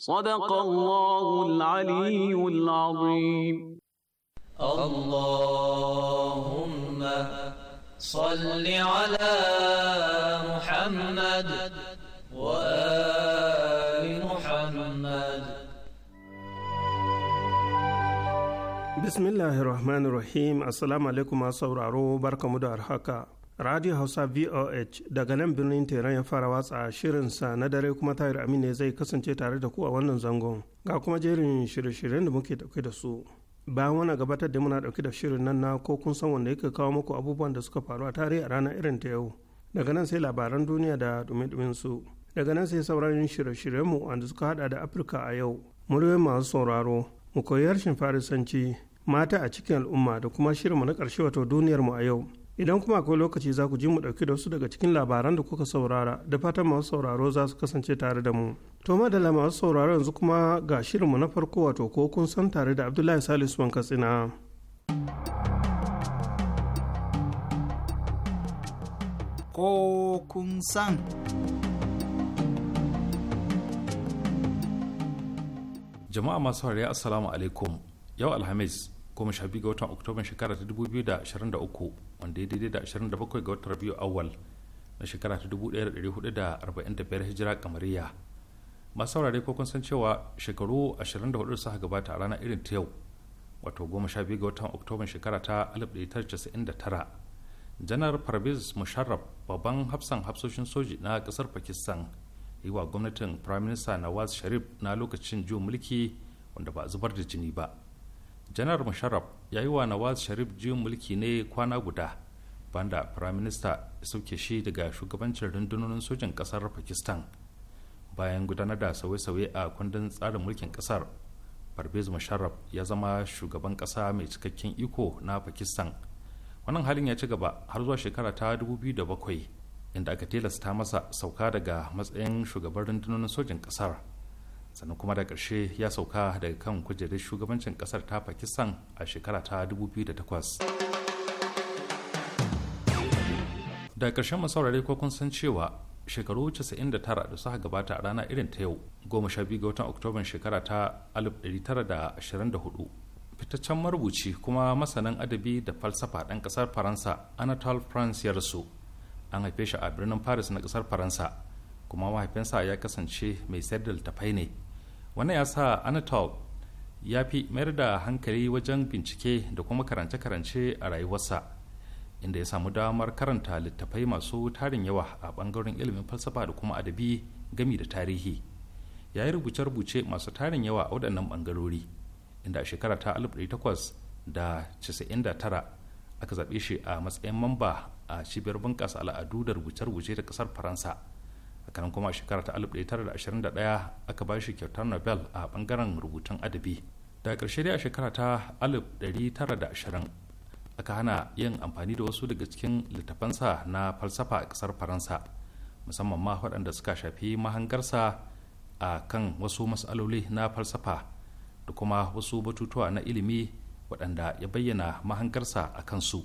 صدق الله العلي العظيم اللهم صل على محمد وآل محمد بسم الله الرحمن الرحيم السلام عليكم ورحمة الله وبركاته radio hausa voh daga nan birnin Tehran ya fara watsa shirinsa na dare kuma tahir amin ne zai kasance tare da ku a wannan zangon ga kuma jerin shirye-shiryen da muke dauke da su bayan wani gabatar da muna dauke da shirin nan na ko kun san wanda yake kawo muku abubuwan da suka faru a tare a ranar irin ta yau daga nan sai labaran duniya da dumi su daga nan sai sauran shirye-shiryenmu shiryen wanda suka hada da afirka a yau muryoyin masu sauraro mu koyi harshen farisanci mata a cikin al'umma da kuma shirin mu na ƙarshe wato duniyarmu a yau idan kuma akwai lokaci za ku ji mu ɗauki da wasu daga cikin labaran da kuka saurara da fatan masu sauraro za su kasance tare da mu to madalla masu sauraro yanzu kuma ga shirinmu na farko wato ko kun san tare da abdullahi salisu wan katsina ko kun san jama'a masu hariya assalamu alaikum yau alhamis goma sha biyu ga watan oktoban shekara ta dubu biyu da da ashirin uku wanda ya daidai da bakwai ga watan biyu awal na shekara ta dubu ɗaya da da da hudu arba'in biyar hijira kamariya masu saurare ko kun san cewa shekaru ashirin da da suka gabata a rana irin ta yau wato goma sha biyu ga watan oktoban shekara ta alif ɗaya da tara janar parvez musharraf babban hafsan hafsoshin soji na kasar pakistan yi wa gwamnatin prime minister nawaz sharif na lokacin juyin mulki wanda ba a zubar da jini ba janar musharraf ya yi wa nawaz sharif juyin mulki ne kwana guda banda prime minister ya sauke shi daga shugabancin rundunonin sojin kasar pakistan bayan gudanar da sauye-sauye a kundin tsarin mulkin kasar parvez musharraf ya zama shugaban kasa mai cikakken iko na pakistan wannan halin ya ci gaba har zuwa shekara ta 2007 inda aka tilasta masa sauka daga matsayin shugaban rundunonin sojin kasar sannan kuma da ƙarshe ya sauka daga kan kujerar shugabancin ƙasar ta pakistan a shekara ta 2008 da ƙarshen masaurare ko kun san cewa shekaru 99 da suka gabata a rana irin ta yau 12 ga watan oktoban shekara ta 1924 fitaccen marubuci kuma masanin adabi da falsafa ɗan ƙasar faransa anatole france ya rasu an haife shi a birnin paris na ƙasar faransa kuma mahaifinsa ya kasance mai sayar da littafai ne wannan ya sa anatol ya fi mayar da hankali wajen bincike da kuma karance-karance a rayuwarsa inda ya samu damar karanta littattafai masu tarin yawa a bangaren ilimin falsafa da kuma adabi gami da tarihi ya yi rubuce-rubuce masu tarin yawa a waɗannan bangarori inda a shekara ta 1899 aka zaɓe shi a matsayin mamba a cibiyar bunƙasa al'adu da rubuce-rubuce ta ƙasar faransa kanan kuma a shekara ta 1921 aka ba shi kyautar nobel a bangaren rubutun adabi da ƙarshe dai a shekara ta 1920 aka hana yin amfani da wasu daga cikin littafansa na falsafa a ƙasar faransa musamman ma waɗanda suka shafi mahangarsa a kan wasu matsaloli na falsafa da kuma wasu batutuwa na ilimi waɗanda ya bayyana mahangarsa a kansu.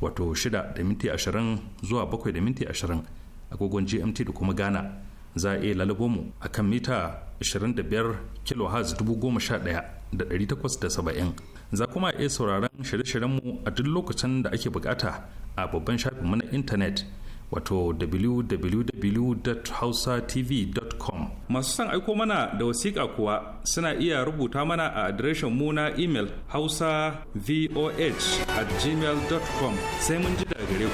wato 6 da minti ashirin zuwa 7 da minti ashirin agogon gmt da kuma ghana za a iya lalabo mu a kan mita 25 kilohertz 11870 za kuma iya sauraron shirye-shiryenmu a duk lokacin da ake bukata a babban shafinmu na intanet wato www.hausatv.com masu son aiko mana da wasiƙa kuwa suna iya rubuta mana a adireshin mu na imel hausa voh at gmail.com sai mun ji da gare ku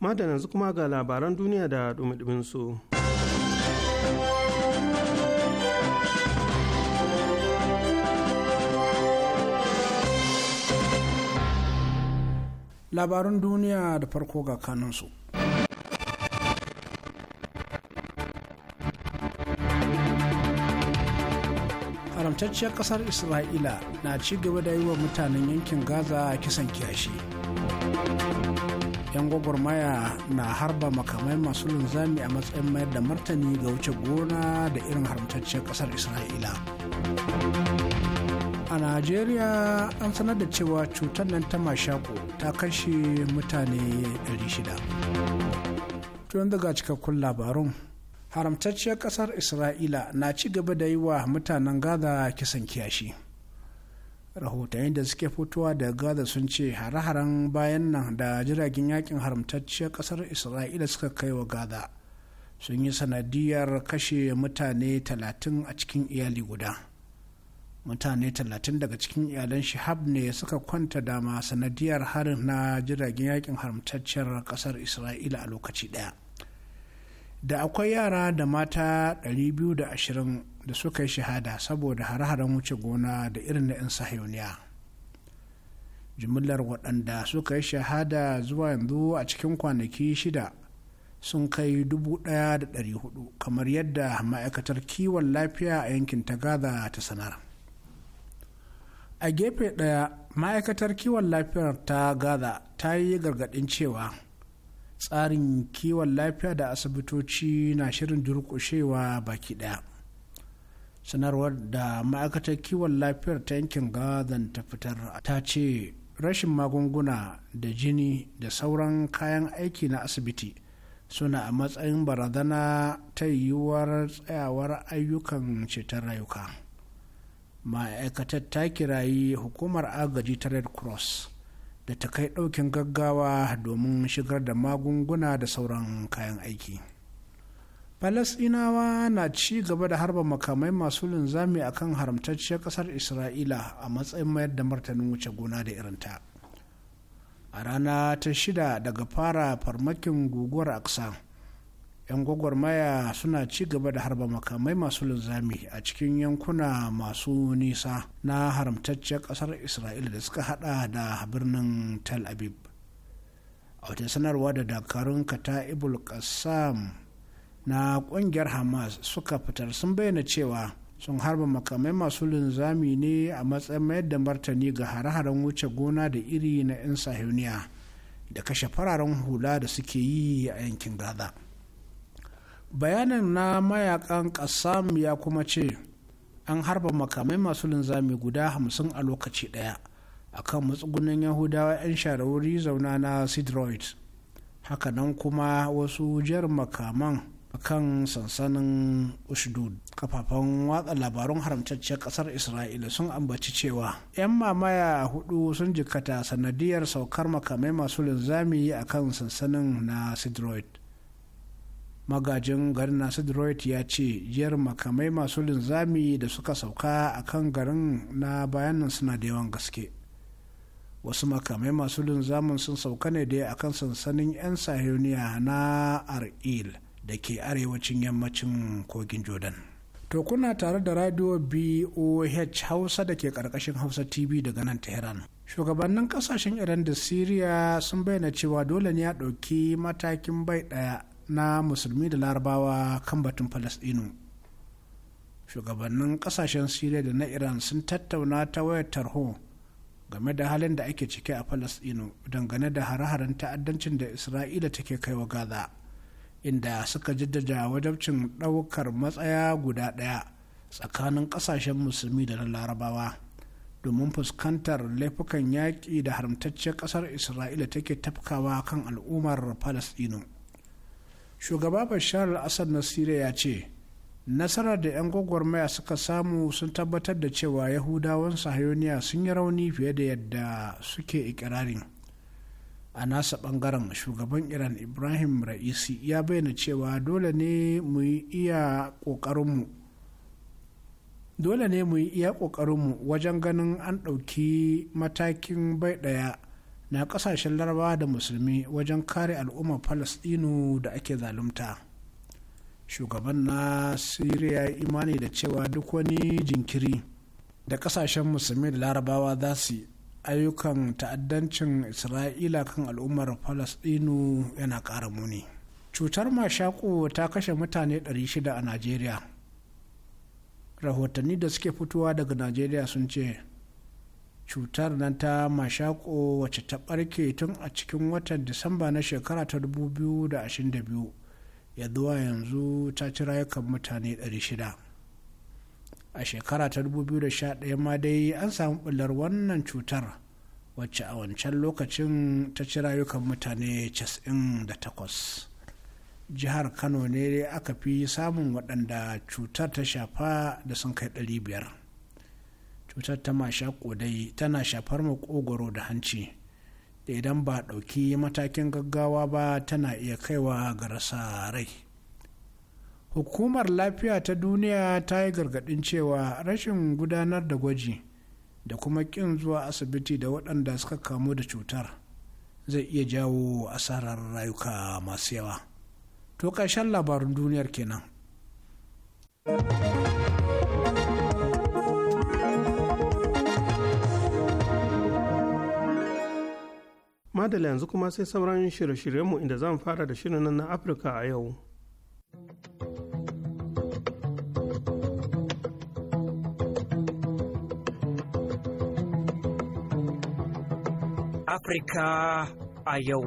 madana kuma ga labaran duniya da dumi su. labarun duniya da farko ga kaninsu. haramtacciyar kasar isra'ila na ci gaba da yi wa mutanen yankin gaza kisan kiyashi yan gwagwarmaya na harba makamai masu linzami a matsayin mayar da martani ga wuce gona da irin haramtacciyar kasar isra'ila a najeriya an sanar da cewa cutar nan ta mashako ta kashe mutane 600 tun daga cikakkun labarun haramtacciyar kasar isra'ila na ci gaba da yi wa mutanen gaza kisan kiyashi rahotanni da suke fitowa da gaza sun ce hare-haren bayan nan da jiragen yakin haramtacciyar kasar isra'ila suka kai wa gaza sun yi sanadiyar kashe mutane 30 a cikin iyali guda. mutane talatin daga cikin iyalan shihab ne suka kwanta dama sanadiyar harin na jiragen yakin haramtacciyar kasar isra'ila a lokaci daya da akwai yara da mata 220 da suka yi shahada saboda hare-haren wuce gona da irin na 'yan sahiyoniya jimillar waɗanda suka yi shahada zuwa yanzu a cikin kwanaki shida sun kai 1,400 kamar yadda ma'aikatar kiwon lafiya a yankin ta gaza ta sanar. a gefe ɗaya ma'aikatar kiwon lafiyar ta gaza ta yi gargadin cewa tsarin kiwon lafiya da asibitoci na shirin durƙushewa baki ɗaya sanarwar da ma'aikatar kiwon lafiyar ta yankin gazan ta fitar ta ce rashin magunguna da jini da sauran kayan aiki na asibiti suna a matsayin barazana ta yiwuwar tsayawar ayyukan ceton rayuka ma'aikatar ta kirayi hukumar agaji ta red cross da ta kai ɗaukin gaggawa domin shigar da magunguna da sauran kayan aiki falasɗinawa na ci gaba da harba makamai masu linzami a kan haramtacciyar ƙasar isra'ila a matsayin mayar da martanin wuce gona da irinta a rana ta shida daga fara farmakin guguwar aksa 'yan gwagwarmaya suna ci gaba da harba makamai masu linzami a cikin yankuna masu nisa na haramtaccen ƙasar isra'ila da suka hada da birnin tel aviv a wata sanarwa da dakarun kata'ibul qassam na ƙungiyar hamas suka fitar sun bayyana cewa sun harba makamai masu linzami ne a matsayin mayar da martani ga hare-haren wuce gona da iri na 'yan sahiyoniya da kashe fararen hula da suke yi a yankin gaza. bayanin na mayakan kasam ya kuma ce an harba makamai masu linzami guda hamsin a lokaci daya kan matsugunan yahudawa 'yan shahararri zauna na sidroid hakanan kuma wasu jar makaman a kan sansanin ushdud kafafen watsa labarun haramtacciyar kasar isra'ila sun ambaci cewa 'yan mamaya hudu sun jikata sanadiyar saukar makamai masu linzami a kan sansanin na sidroid magajin garin nasu droit ya ce jiyar makamai masu linzami da suka sauka a kan garin na bayan nan suna da yawan gaske wasu makamai masu linzamin sun sauka ne dai a kan sansanin 'yan sahiyoniya na ar'il da ke arewacin yammacin kogin jordan to kuna tare da radio boh hausa da ke karkashin hausa tv daga nan tehran shugabannin kasashen iran da syria sun bayyana cewa dole ne a ɗauki matakin bai ɗaya na musulmi da larabawa kan batun falasɗinu shugabannin kasashen siriya da na iran sun tattauna ta wayar tarho game da halin da ake ciki a falasɗinu dangane da hare-haren ta'addancin da isra'ila take kai wa gaza inda suka jaddada wajabcin ɗaukar matsaya guda ɗaya tsakanin ƙasashen musulmi da larabawa domin fuskantar laifukan yaƙi da haramtacciyar ƙasar isra'ila take tafkawa kan al'ummar falasɗinu shugaba bashar al-assad na siriya ya ce nasarar da 'yan gwagwarmaya suka samu sun tabbatar da cewa yahudawan sahayoniya sun yi rauni fiye da yadda suke ikirarin a nasa bangaren shugaban iran ibrahim ra'isi ya bayyana cewa dole ne mu yi iya ƙoƙarin dole ne mu yi iya kokarinmu wajen ganin an ɗauki matakin bai ɗaya na kasashen larabawa da musulmi wajen kare al'ummar Falasɗinu da ake zalunta shugaban na siriya imani da cewa duk wani jinkiri da kasashen musulmi da larabawa za su ayyukan ta'addancin isra'ila kan al'ummar Falasɗinu yana ƙara muni cutar mashaƙo ta kashe mutane 600 a najeriya rahotanni da suke fitowa daga najeriya sun ce cutar nan ta mashako wacce ta barke tun a cikin watan disamba na shekara ta 2022 ya zuwa yanzu ta ci rayukan mutane 600 a shekara ta 2011 ma dai an samu bullar wannan cutar wacce a wancan lokacin ta ci rayukan mutane 98 jihar kano ne aka fi samun waɗanda cutar ta shafa da sun kai 500 cutar ta masha dai tana shafar ƙogwaro da hanci da idan ba ɗauki matakin gaggawa ba tana iya kaiwa ga rasa rai hukumar lafiya ta duniya ta yi gargaɗin cewa rashin gudanar da gwaji da kuma ƙin zuwa asibiti da waɗanda suka kamu da cutar zai iya jawo asarar rayuka masu yawa to ƙarshen labarin duniyar kenan. madala yanzu kuma sai sauran shirye-shiryenmu inda zan fara da shirin nan na afirka a yau afirka a yau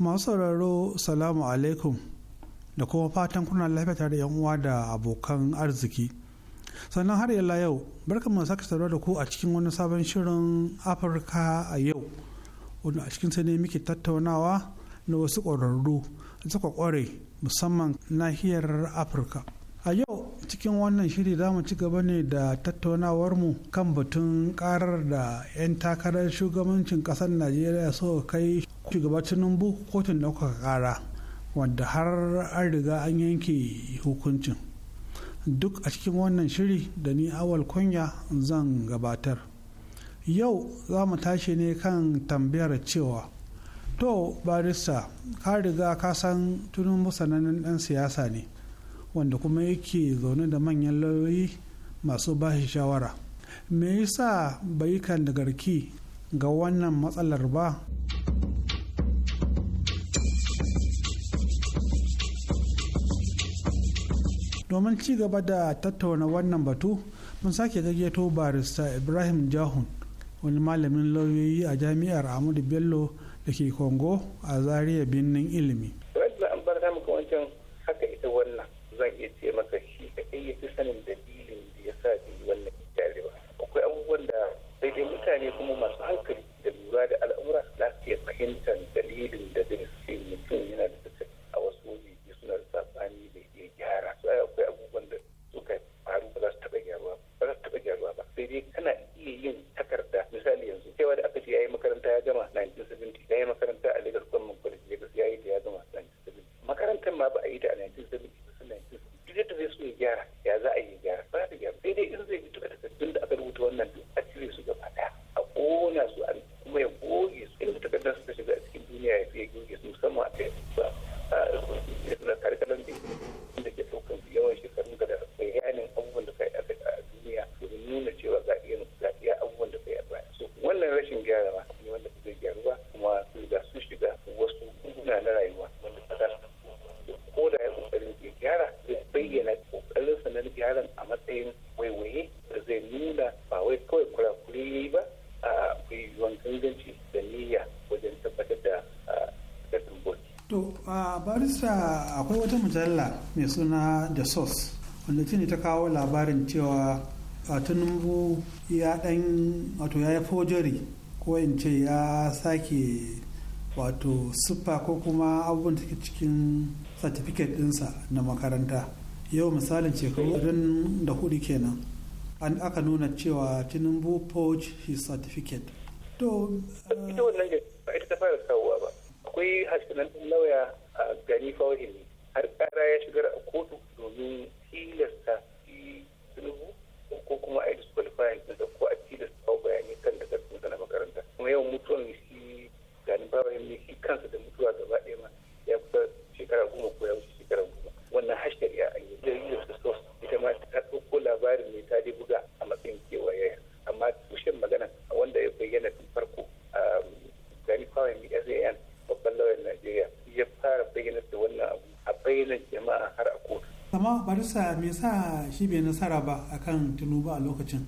masu sauraro salamu alaikum da kuma fatan kuna lafiya da uwa da abokan arziki sannan har yalla yau barka mu saka saurara da ku a cikin wani sabon shirin afirka a yau wanda a cikin sai ne muke tattaunawa na wasu ƙwararru da suka ƙware musamman nahiyar afirka a yau cikin wannan shiri za mu ci gaba ne da tattaunawar mu kan batun karar da 'yan takarar shugabancin ƙasar najeriya so kai shugaba tinubu kotun ɗaukaka kara wanda har an riga an yanke hukuncin duk a cikin wannan shiri da ni awal kunya zan gabatar yau za mu tashi ne kan tambayar cewa to barista ka riga ka san tunin musananin dan siyasa ne wanda kuma yake zaune da manyan lauyoyi masu bashi shawara me yasa bai kan da garki ga wannan matsalar ba domin ci gaba da tattauna wannan batu mun sake gayyato barista ibrahim jahun wani malamin lauyoyi a jami'ar ahmadu bello da ke congo a zaria birnin ilimi wadda an bar haka ita wannan zan iya ce maka shi kaɗai ya fi sanin da akwai wata mujalla mai suna the source wanda tuni ta kawo labarin cewa tinubu ya dan wato ya yi fojori ko in ce ya sake wato siffa ko kuma abubuwan take cikin satifiket dinsa na makaranta yau misalin shekaru da hudu kenan an aka nuna cewa tinubu poj his certificate to nasararsa me sa shi bai nasara ba akan tunubu a lokacin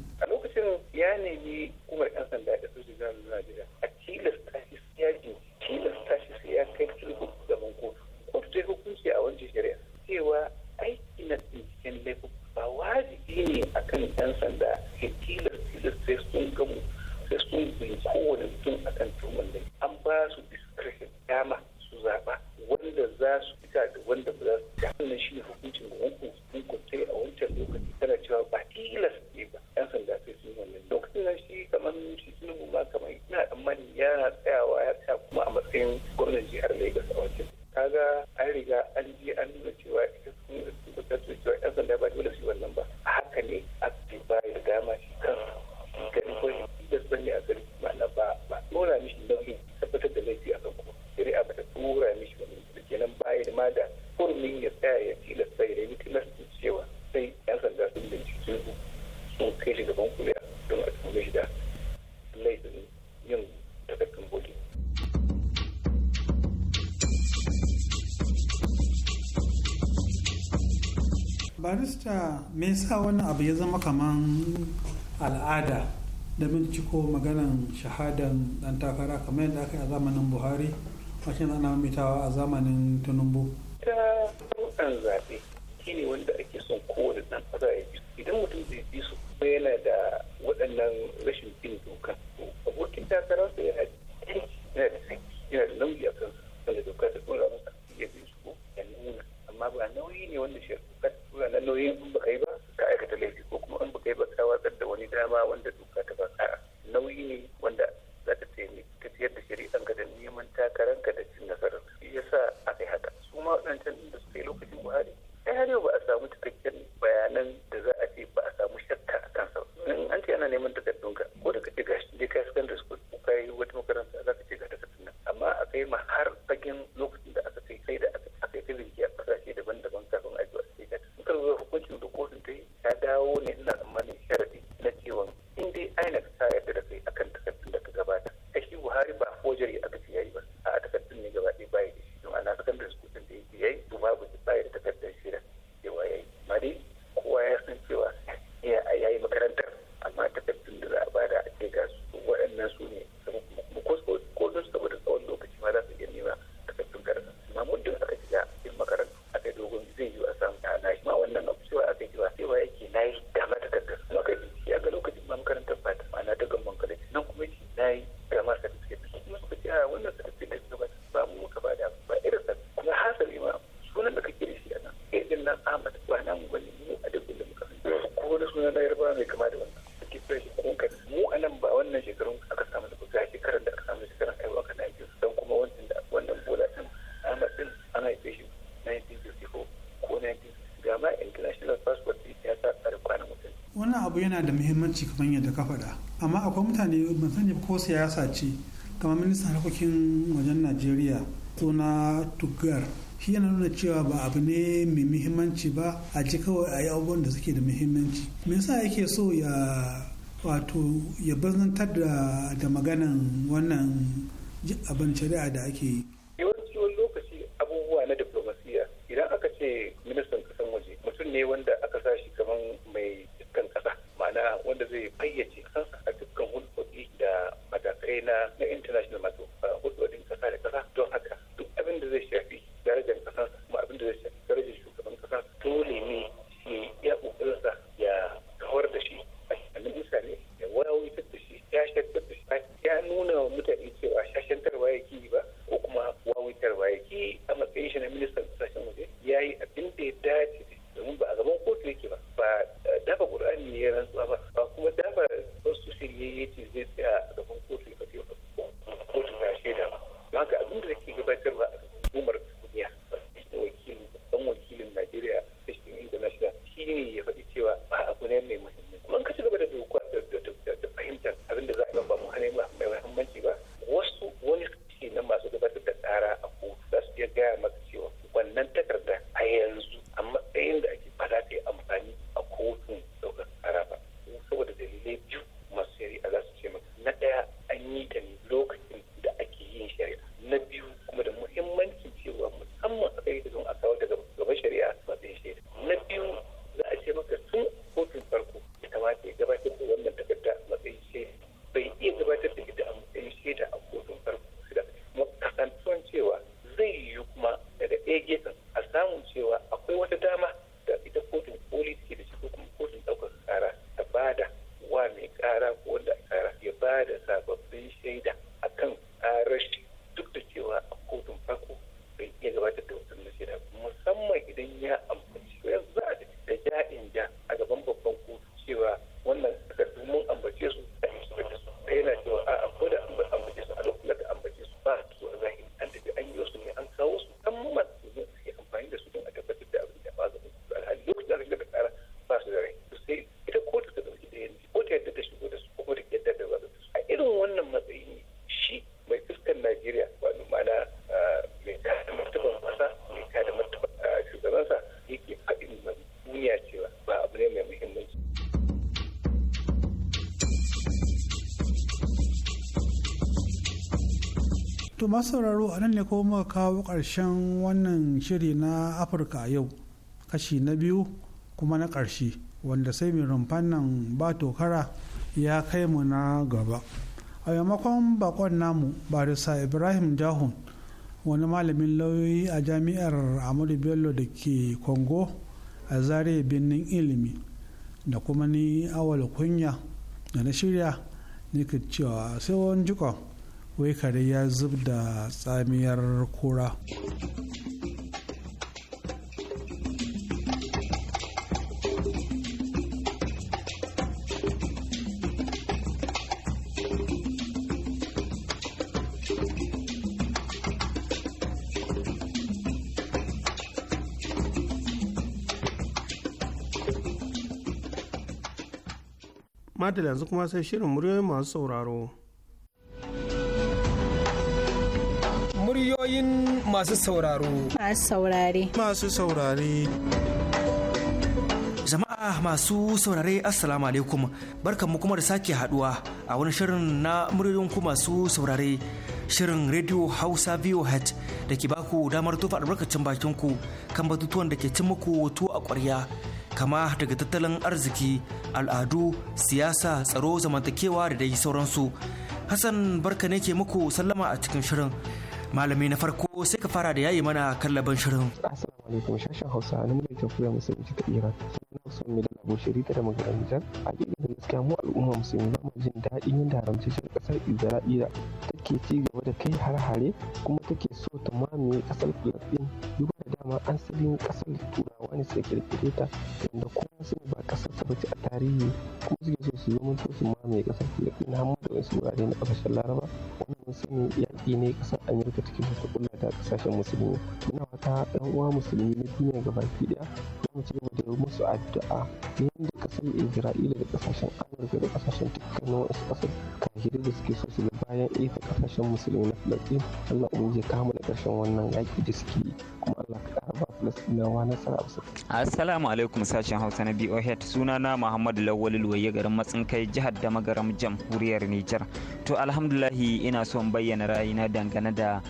ta me sa wani abu ya zama kamar al'ada da binciko maganan shahadan dan takara kamar yadda aka yi a zamanin buhari wacce ana mitawa a zamanin tinubu ta rukan zaɓe shine wanda ake son kowane dan ƙasa ya ji idan mutum zai ji su yana da waɗannan rashin bin doka abokin takararsa yana da muhimmanci kamar yadda ka faɗa amma akwai mutane ban sani ko siyasa ce kamar ministan harkokin wajen najeriya suna tugar shi yana nuna cewa ba abu ne mai muhimmanci ba a ji kawai a yi abubuwan da suke da muhimmanci me yasa yake so ya wato ya bazantar da maganan wannan abin shari'a da ake yi masu sauraro a nan ne kuma muka kawo ƙarshen wannan shiri na afirka a yau kashi na biyu kuma na ƙarshe wanda sai mai rumfan nan ba tokara ya kai mu na gaba a yamakon bakon namu barisa ibrahim jahun wani malamin lauyoyi a jami'ar amadu bello da ke kongo a zare birnin ilimi da kuma ni awal kunya da na shirya nake cewa sai wani jikon wai kare ya zub da tsamiyar kura madal yanzu kuma sai shirin muryoyin masu sauraro masu sauraro. Masu saurare. Masu saurare. Jama'a masu saurare Assalamu alaikum barkanmu kuma da sake haduwa a wani shirin na muryoyin masu saurare shirin Radio Hausa VOH da ke baku damar tofa albarkacin bakin ku kan batutuwan da ke cin muku to a ƙwarya kama daga tattalin arziki al'adu siyasa tsaro zamantakewa da dai sauransu Hassan barka ne ke muku sallama a cikin shirin malami na farko sai ka fara da yayi mana kallaban shirin assalamu alaikum shashin hausa na muryar jamhuriyar musulunci ta iran Hassan Milal Abushiri da magaran Nijar. Hakika da gaskiya mu al'umma musulmi ba mu jin daɗin yadda haramtacciyar ƙasar Isra'ila take ci gaba da kai har-hare kuma take so ta mamaye ƙasar Filistin duba da dama an asalin ƙasar Turawa ne suka kirkire ta inda kowa suna ba ƙasar ta bace a tarihi kuma suke so su zama to su mamaye ƙasar filafin, har da wasu wurare na ƙasashen Laraba wanda mun sani yaƙi ne ƙasar Amurka take so ta ƙulla da ƙasashen musulmi. Muna wata ɗan uwa musulmi na duniya gabaki ɗaya za mu ci gaba da musu addu'a a yadda kasar isra'ila da kasashen amurka da kasashen na wasu kasar kahiri da suke so su bayan ita kasashen musulmi na filastin allah umu ya kama da karshen wannan yaki da suke kuma allah ka kara ba na nasara a assalamu alaikum sashen hausa na boh suna na muhammad lawal luwaye garin matsin kai jihar damagaram jamhuriyar nijar to alhamdulahi ina son bayyana ra'ayina dangane da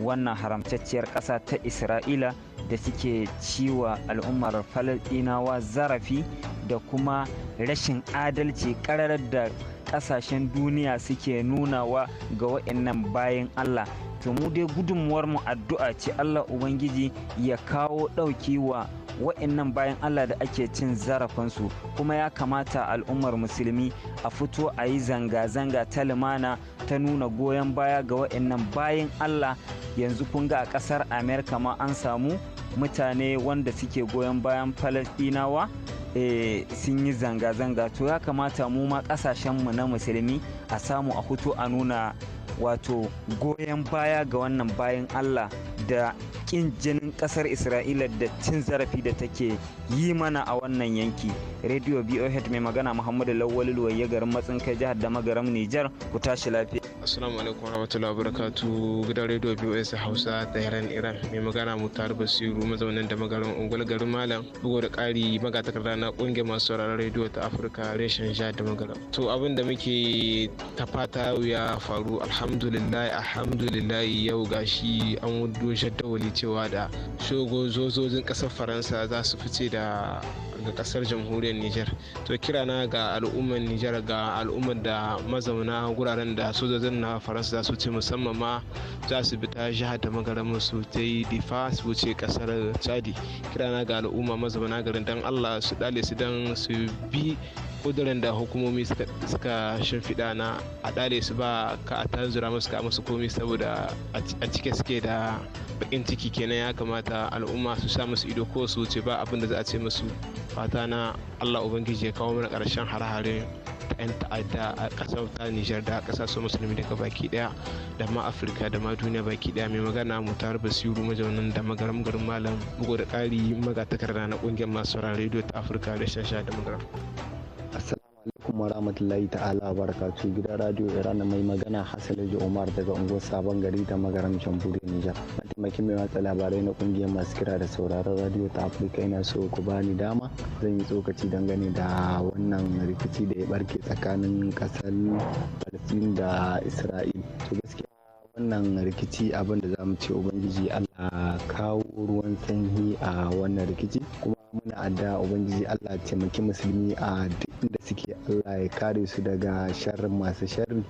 wannan haramtacciyar kasa ta isra'ila da suke ciwa al'ummar falasɗinawa zarafi da kuma rashin adalci karar da ƙasashen duniya suke nunawa ga waɗannan bayan allah to mu dai gudunmuwar mu addu'a ce allah ubangiji ya kawo ɗauki wa wa'annan bayan Allah da ake cin zarafinsu kuma ya kamata al'ummar musulmi a fito a yi zanga-zanga ta limana ta nuna goyon baya ga wa'annan bayan Allah yanzu kun ga a ƙasar Amerika ma an samu mutane wanda suke goyon bayan falastinawa e, eh, sun yi zanga-zanga to ya kamata mu ma mu na musulmi a samu a hutu a nuna wato goyon baya ga wannan bayan allah da ƙin jinin ƙasar isra'ila da cin zarafi da take yi mana a wannan yanki radio boh mai magana muhammadu lawal ya garin matsin kai jihar da magaram nijar ku tashi lafiya Assalamu alaikum warahmatullahi barakatu gidan rediyo BOS Hausa ta yaren Iran mai magana mu Mutar Basiru mazaunin da magarin Ungul garin Malam bugu da ƙari magatakarda na ƙungiyar masu sauraron rediyo ta Afirka reshen ja da magaram. To abin da muke ta fata ya faru alhamdulillah alhamdulillah yau gashi an wudu shaddawali cewa da shogo zozozin ƙasar Faransa za su fice da ga kasar jamhuriyar niger to kirana ga al'ummar niger ga al'ummar da mazauna guraren da sojojin na faransa su ce musamman ma za su bi ta jihar da magaramar su ta yi difa su wuce kasar chadi kirana ga al'umma mazauna garin dan allah su dale su dan su bi kudurin da hukumomi suka shimfiɗa na a ɗare su ba ka a tanzura musu ka musu komi saboda a cike suke da bakin ciki kenan ya kamata al'umma su sa musu ido ko su wuce ba abin da za a ce musu fata na allah ubangiji ya kawo mana ƙarshen harhare ta 'yan ta'adda a ƙasar ta nijar da ƙasashen musulmi daga baki ɗaya da ma afirka da ma duniya baki ɗaya mai magana mu mutar basiru mazaunin da magaram garin malam bugu da ƙari magatakarda na ƙungiyar masu rediyo ta afirka da shasha da magaram. alaikum warahmatullahi ta'ala barakatu gidan radio iran mai magana hasalaji umar daga unguwar sabon gari da magaram jamhuriyar nijar mataimakin mai watsa labarai na kungiyar masu kira da sauraron radio ta afirka ina so ku bani dama zan yi tsokaci dangane da wannan rikici da ya barke tsakanin kasar palestine da isra'il to gaskiya wannan rikici abin da zamu ce ubangiji allah kawo ruwan sanyi a wannan rikici kuma muna adda ubangiji allah taimaki musulmi a duk da suke Allah ya kare su daga sharrin masu sharri.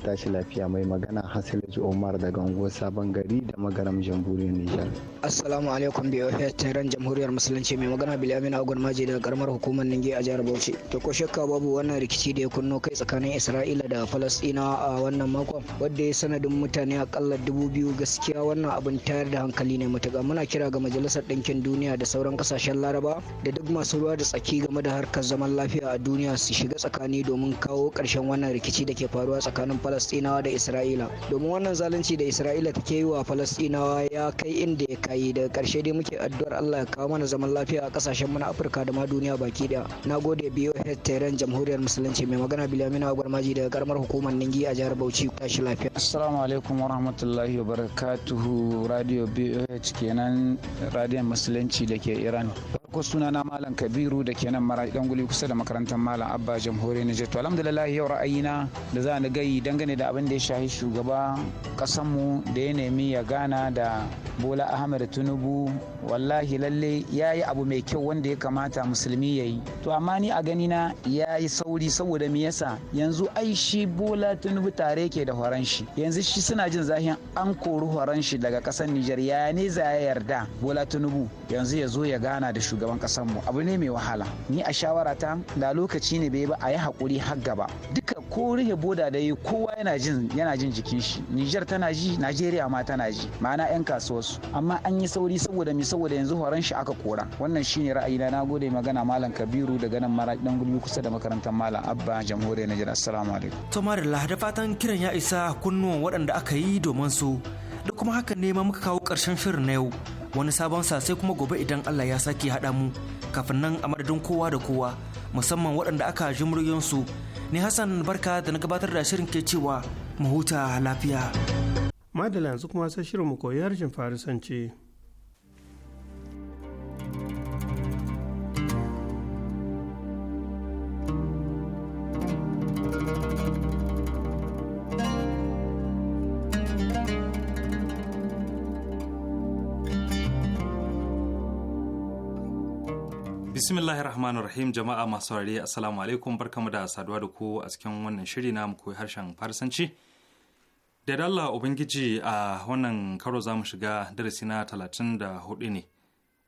ku tashi lafiya mai magana Hassan Umar daga unguwar Sabon Gari da Magaram Jamhuriyar Nijar. Assalamu alaikum BOF Tehran Jamhuriyar Musulunci mai magana Bilyamin Agon Maji daga karamar hukumar Ninge a jihar Bauchi. To ko shakka babu wannan rikici da ya kunno kai tsakanin Isra'ila da Falasɗina a wannan makon wanda ya sanadin mutane akalla dubu biyu gaskiya wannan abin tayar da hankali ne matuƙa muna kira ga majalisar ɗinkin duniya da sauran ƙasashen Laraba da duk masu ruwa da tsaki game da harkar zaman lafiya a duniya su shiga tsakani domin kawo ƙarshen wannan rikici da ke faruwa tsakanin falastinawa da isra'ila domin wannan zalunci da isra'ila take yi wa falastinawa ya kai inda ya kai da karshe dai muke addu'ar allah ya kawo mana zaman lafiya a kasashen mana afirka da ma duniya baki daya na gode biyo tehran jamhuriyar musulunci mai magana bilamina agwarmaji daga karamar hukumar ningi a jihar bauchi tashi lafiya assalamu alaikum warahmatullahi wabarakatuhu radio boh kenan radiyon musulunci da ke iran farko suna na malam kabiru da ke nan mara dan guli kusa da makarantar malam abba jamhuriyar nijar to alhamdulillah yau ra'ayina da za ni gayi dan dangane da abin da ya shahi shugaba kasanmu da ya nemi ya gana da bola ahmed tinubu wallahi lalle ya yi abu mai kyau wanda ya kamata musulmi ya yi to amma ni a ganina ya yi sauri saboda me yasa yanzu ai shi bola tinubu tare ke da horon shi yanzu shi suna jin zahin an kori horon shi daga kasar nijar ya ne za ya yarda bola tinubu yanzu ya zo ya gana da shugaban kasanmu abu ne mai wahala ni a shawara ta da lokaci ne bai ba a yi haƙuri har gaba duka ko rihe boda da yi kowa kowa yana jin yana jin jikin shi Niger tana ji Najeriya ma tana ji ma'ana yan kasuwarsu amma an yi sauri saboda mi saboda yanzu horon shi aka kora wannan shine ra'ayi na gode magana malam Kabiru daga nan mara dan gulbi kusa da makarantar malam Abba jamhuriyar Niger assalamu alaikum to marilla da fatan kiran ya isa kunnuwan waɗanda aka yi domin su da kuma hakan ne ma muka kawo ƙarshen shirin na yau wani sabon sa sai kuma gobe idan Allah ya sake haɗa mu kafin nan a madadin kowa da kowa musamman waɗanda aka ji muryoyinsu su ne hassan barka da na gabatar da shirin ke cewa mahuta lafiya madala yanzu kuma sai shirin mu koyi harshen farisanci Bismillahir Rahmanir Rahim jama'a masu saurare Assalamu alaikum barkamu da saduwa da ku a cikin wannan shiri na koyi harshen Farsanci. Da Allah Ubangiji a wannan karo za mu shiga darasi na talatin da hudu ne.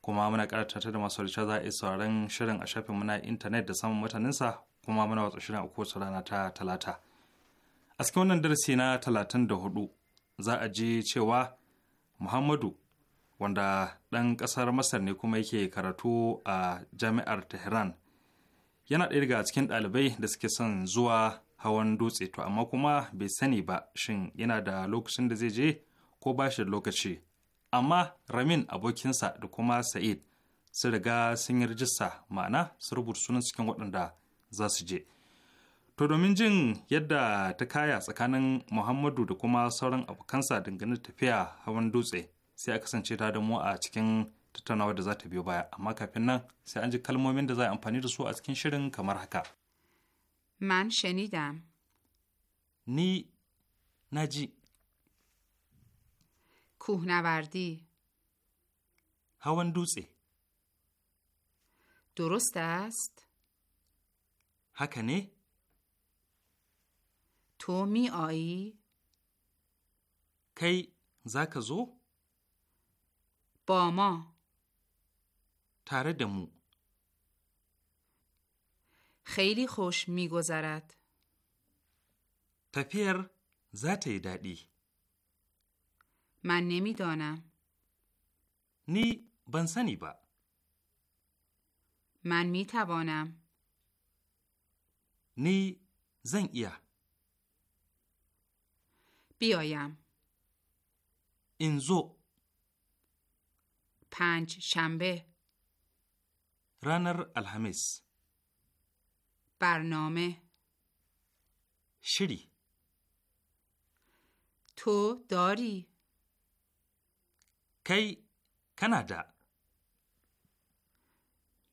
Kuma muna karatata da masu rica za a yi sauraron shirin a shafin muna intanet da samun mutaninsa kuma muna watsa shirin a kowace rana ta talata. A cikin wannan darasi na talatin da hudu za a ji cewa Muhammadu wanda ɗan ƙasar Masar ne kuma yake karatu a jami'ar Tehran. Yana ɗaya daga cikin ɗalibai da suke son zuwa hawan dutse to amma kuma bai sani ba shin yana da lokacin da zai je ko ba shi lokaci. Amma Ramin abokinsa da kuma Sa'id sun riga sun yi rijista ma'ana su rubuta sunan cikin waɗanda za su je. To domin jin yadda ta kaya tsakanin Muhammadu da kuma sauran abokansa dangane tafiya hawan dutse, sai a kasance da mu a cikin tattaunawar da za ta biyo baya amma kafin nan sai an ji kalmomin da za a amfani da su a cikin shirin kamar haka man shanidam ni naji Hawan hawan dutse درست است؟ هکنه؟ تو می آیی؟ کی زاک زو؟ با ما تره دمو خیلی خوش میگذرد تپیر زت دادی من نمیدانم نی بنسنی با من می توانم نی زن ایا بیایم انزو پنج شنبه رانر الهمیس برنامه شری تو داری کی کانادا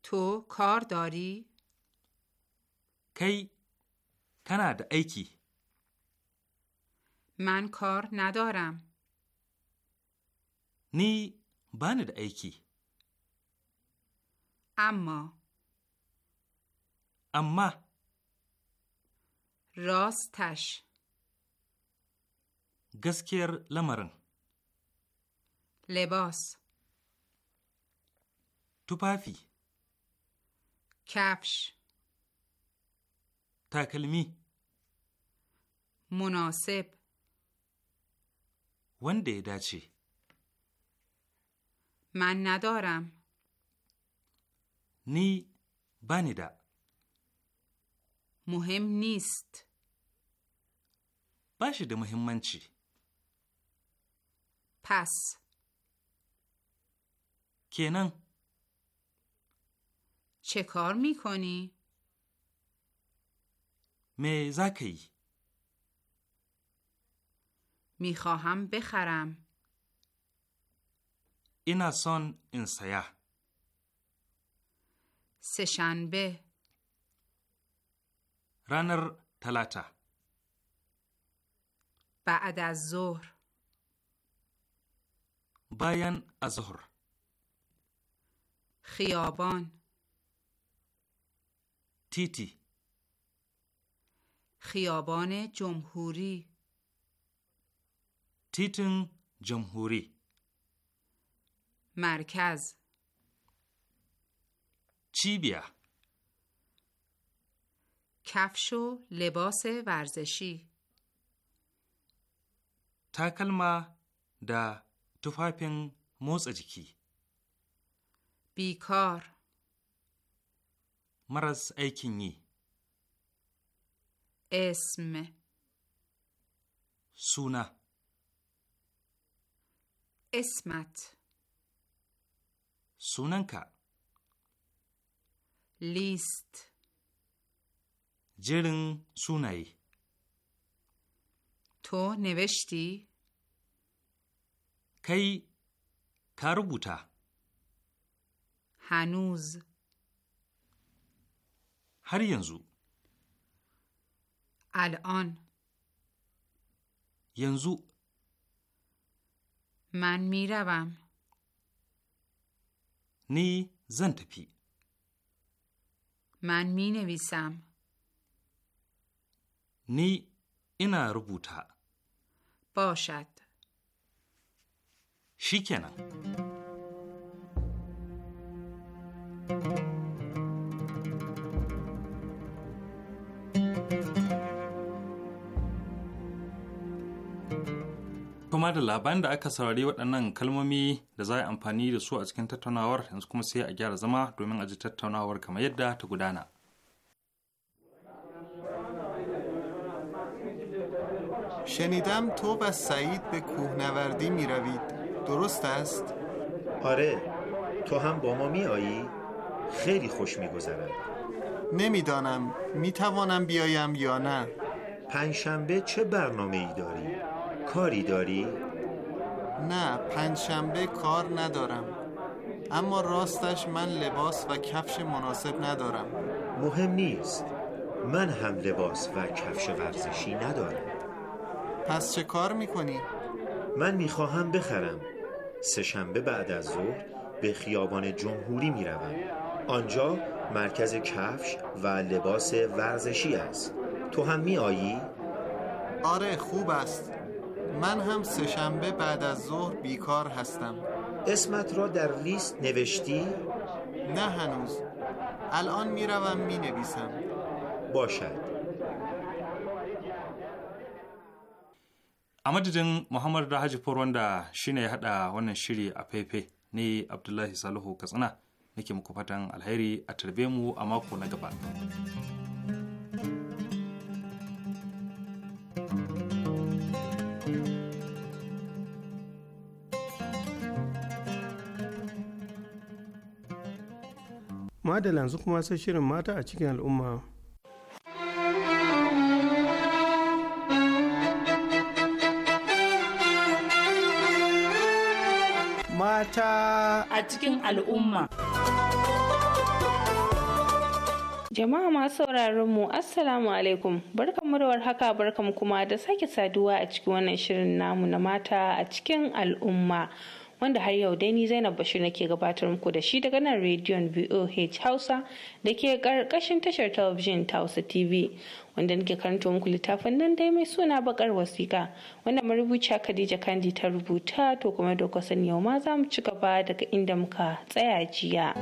تو کار داری کی کانادا ایکی من کار ندارم نی ba ni da aiki. Amma. Amma. Rostash. Gaskiyar lamarin. Lebos. Tufafi. Kafsh. Takalmi. Munasib. Wanda ya dace. من ندارم نی بانیدا مهم نیست باشه ده چی؟ پس کنن چه کار میکنی؟ می زکی میخواهم بخرم اینا سون سشنبه رانر تلاتا بعد از ظهر باین از ظهر خیابان تیتی خیابان جمهوری تیتن جمهوری مرکز چی کفش و لباس ورزشی تاکلما دا تفافین موز اجکی بیکار مرز ایکینی اسم سونا اسمت سوننکا لیست جرن سونای تو نوشتی؟ کی کاربوتا هنوز هر ینزو الان ینزو من میروم نی زن پی من می نویسم نی اینا بوده باشد شیکنم kuma da labarin da aka saurari waɗannan kalmomi da za a amfani da su a cikin tattaunawar yanzu kuma sai a gyara zama domin a ji tattaunawar kamar yadda ta gudana. شنیدم تو و سعید به کوهنوردی می روید درست است؟ آره تو هم با ما می آیی؟ خیلی خوش می گذرد نمیدانم می توانم بیایم یا نه پنجشنبه چه برنامه ای داری؟ کاری داری؟ نه پنجشنبه کار ندارم اما راستش من لباس و کفش مناسب ندارم مهم نیست من هم لباس و کفش ورزشی ندارم پس چه کار میکنی؟ من میخواهم بخرم سهشنبه بعد از ظهر به خیابان جمهوری میروم آنجا مرکز کفش و لباس ورزشی است تو هم میایی؟ آره خوب است من هم سهشنبه بعد از ظهر بیکار هستم اسمت را در لیست نوشتی؟ نه هنوز الان میروم می نویسم باشد a madadin muhammad rahaji for wanda shine ya hada wannan shiri a faife ne abdullahi salihu katsina nake muku fatan alheri a tarbe mu a mako na gaba. da yanzu kuma sai shirin mata a cikin al'umma. Mata a cikin al'umma. Jama'a masu sauraron mu Assalamu alaikum barkanmu da warhaka barkanmu kuma da sake saduwa a cikin wannan shirin namu na mata a cikin al'umma. wanda har yau dai ni Zainab Bashir nake gabatar muku da shi daga nan rediyon VOH Hausa da ke karkashin tashar talabijin ta Hausa TV wanda nake karanta muku littafin nan dai mai suna bakar wasika wanda marubuciya Khadija Kandi ta rubuta to kuma da kwasan yau ma za mu ci gaba daga inda muka tsaya jiya.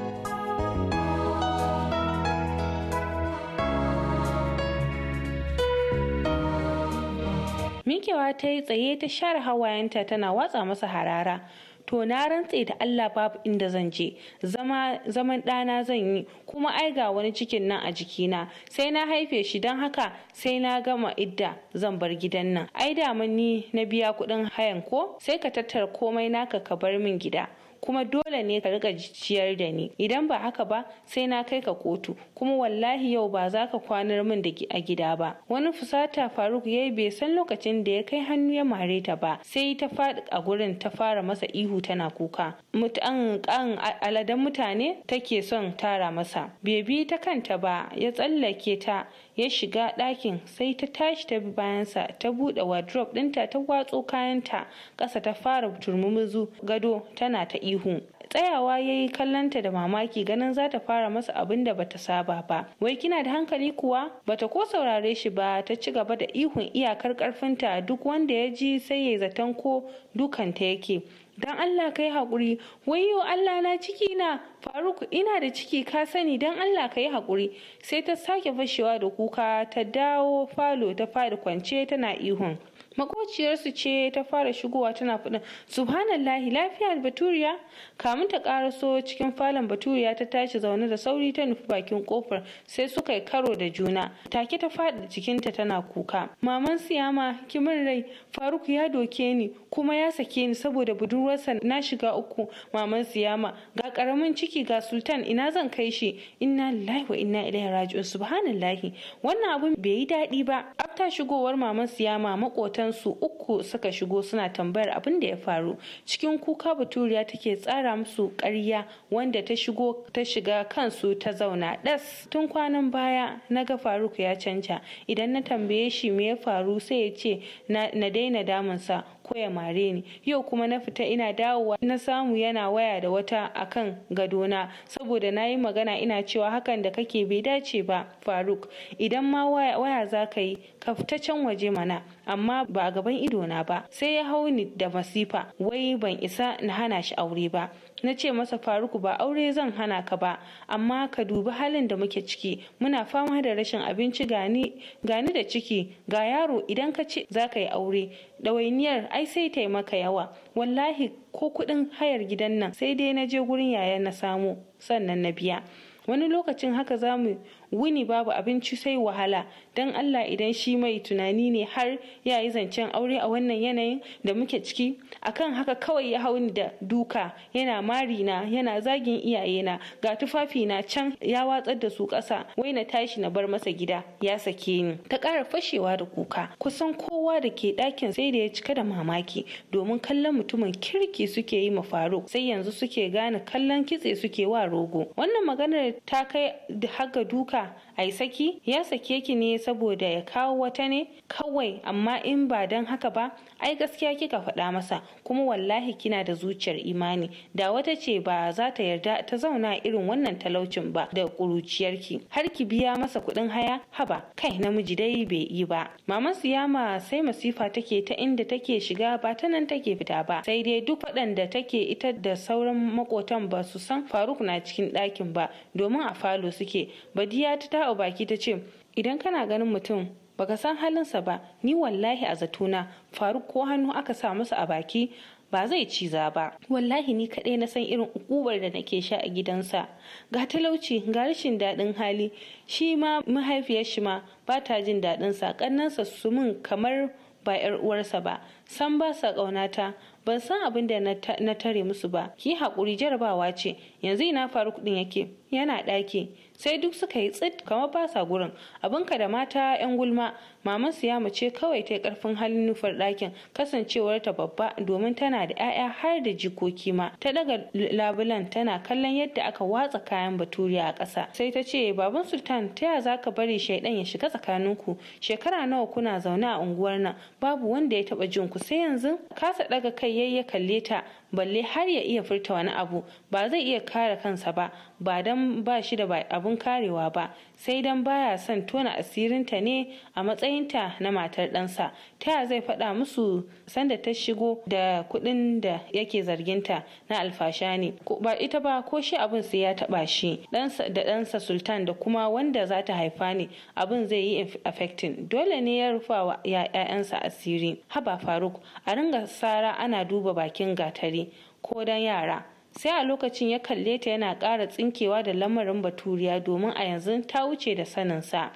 Mikewa ta yi tsaye ta share hawayenta tana watsa masa harara. to na rantse da Allah babu inda zan je zama zaman ɗana zan yi kuma ai ga wani cikin nan a jikina sai na haife shi don haka sai na gama idda zan bar gidan nan ai da ni na biya kuɗin hayan ko sai ka tattara komai naka ka bar min gida kuma dole ne ka rika ciyar da ni idan ba haka ba sai na kai ka kotu kuma wallahi yau ba za ka kwanar min da a gida ba wani fusata faruk ya yi bai san lokacin da ya kai hannu ya mare ta ba sai ta faɗi a gurin ta fara masa ihu tana kuka mutan kan aladan mutane take son tara masa bebi bi ta kanta ba ya tsallake ta ya shiga ɗakin sai ta tashi ta bi bayansa ta buɗe wardrobe ɗinta ta watso kayanta ƙasa ta fara turmumuzu gado tana ta ihu tsayawa ya yi kallonta da mamaki ganin za ta fara masa abin da bata saba ba wai kina da hankali kuwa bata ko saurare shi ba ta ci gaba da ihun iyakar karfinta duk wanda ya ji sai ya zaton ko dukanta yake don Allah kai haƙuri wayo Allah na ciki na faruk ina da ciki ka sani don Allah ka yi haƙuri sai ta sake fashewa da kuka ta dawo falo ta fadi kwance tana ihun makociyarsu ce ta fara shigowa tana faɗin subhanallahi lafiya baturiya kamun ta karaso cikin falon baturiya ta tashi zaune da sauri ta nufi bakin kofar sai suka yi karo da juna take ta faɗi jikinta tana kuka maman siyama kimin rai faruk ya doke ni kuma ya sake ni saboda budurwarsa na shiga uku maman siyama ga karamin ciki ga sultan ina zan kai shi inna lillahi wa inna ilaihi raji'un subhanallahi wannan abun bai yi daɗi ba afta shigowar maman siyama makotan su uku suka shigo suna tambayar abin da ya faru cikin kuka baturiya take tsara musu ƙarya wanda ta shigo ta shiga kansu ta zauna ɗas tun kwanan baya na ga faruk ya canja idan na tambaye shi me ya faru sai ya ce na daina damunsa ko ya mare ni yau kuma na fita ina dawowa na samu yana waya da wata akan gadona saboda na yi magana ina cewa hakan da kake bai dace ba faruk idan ma waya za ka yi ka fita can waje mana amma ba a gaban idona ba sai ya hau ni da masifa wai ban isa na hana shi aure ba na ce masa faruku ba aure zan hana ka ba amma ka dubi halin da muke ciki muna fama da rashin abinci gani da ciki ga yaro idan ka ce za ka yi aure ɗawainiyar ai sai ta maka yawa wallahi ko kuɗin hayar gidan nan sai dai na je gurin yaya na samu sannan na biya wani lokacin haka za mu wuni babu abinci sai wahala don allah idan shi mai tunani ne har ya yi zancen aure a wannan yanayin da muke ciki akan haka kawai ya hau da duka yana mari na, yana zagin iyayena ga tufafi na can ya watsar da su ƙasa wai na tashi na bar masa gida ya sake ni ta ƙara fashewa da kuka kusan kowa da ke ɗakin sai da ya cika da mamaki domin kallon mutumin kirki suke yi ma faruk sai yanzu suke gane kallon kitse suke wa rogo wannan maganar ta kai da haka duka Yeah. a yi saki ya sake ki ne saboda ya kawo wata ne kawai amma in ba don haka ba ai gaskiya kika faɗa masa kuma wallahi kina da zuciyar imani da wata ce ba za ta yarda ta zauna irin wannan talaucin ba da ƙuruciyarki har ki biya masa kuɗin haya haba kai namiji dai bai yi ba maman siyama sai masifa take ta inda take shiga ba ta nan take fita ba sai dai duk waɗanda take ita da sauran makotan ba su san faruk na cikin ɗakin ba domin a falo suke badiya ta wa baki ta ce idan kana ganin mutum baka san halinsa ba ni wallahi a zatuna faru ko hannu aka sa masa a baki ba zai ciza ba wallahi ni kaɗai na san irin ukubar da nake sha a gidansa ga talauci ga rashin daɗin hali shi ma mahaifiyar shi ma ba ta jin daɗin sa ƙannansa su min kamar ba 'yar uwarsa ba san ba sa ƙaunata ban san abin da na tare musu ba ki hakuri jarabawa ce yanzu ina faru kuɗin yake yana ɗaki sai duk suka yi tsit kama ba sa gurin abinka da mata yan gulma maman su ya ce kawai ta karfin halin nufar ɗakin kasancewarta babba domin tana da 'ya'ya har da jikoki ma ta daga labulan tana kallon yadda aka watsa kayan baturiya a ƙasa sai ta ce baban sultan ta ya za ka bari shaidan ya shiga tsakaninku shekara nawa kuna zaune a unguwar nan babu wanda ya taba jin ku sai yanzu kasa daga kai yayya kalle ta balle har ya iya furta wani abu ba zai iya kare kansa ba ba dan ba shi da abun karewa ba sai dan baya son tona asirinta ne a matsayinta na matar ɗansa ta zai faɗa musu sanda ta shigo da kuɗin da yake zarginta na alfasha ne ba ita ba ko shi abin sai ya taɓa shi ɗansa da ɗansa sultan da kuma wanda za ta haifa ne abin zai yi affecting dole ne ya rufa wa ‘ya'yansa asiri haba faruk a ringa sara ana duba bakin gatari ko dan yara sai a lokacin ya kalle ta yana ƙara tsinkewa da lamarin baturiya domin a yanzu ta wuce da saninsa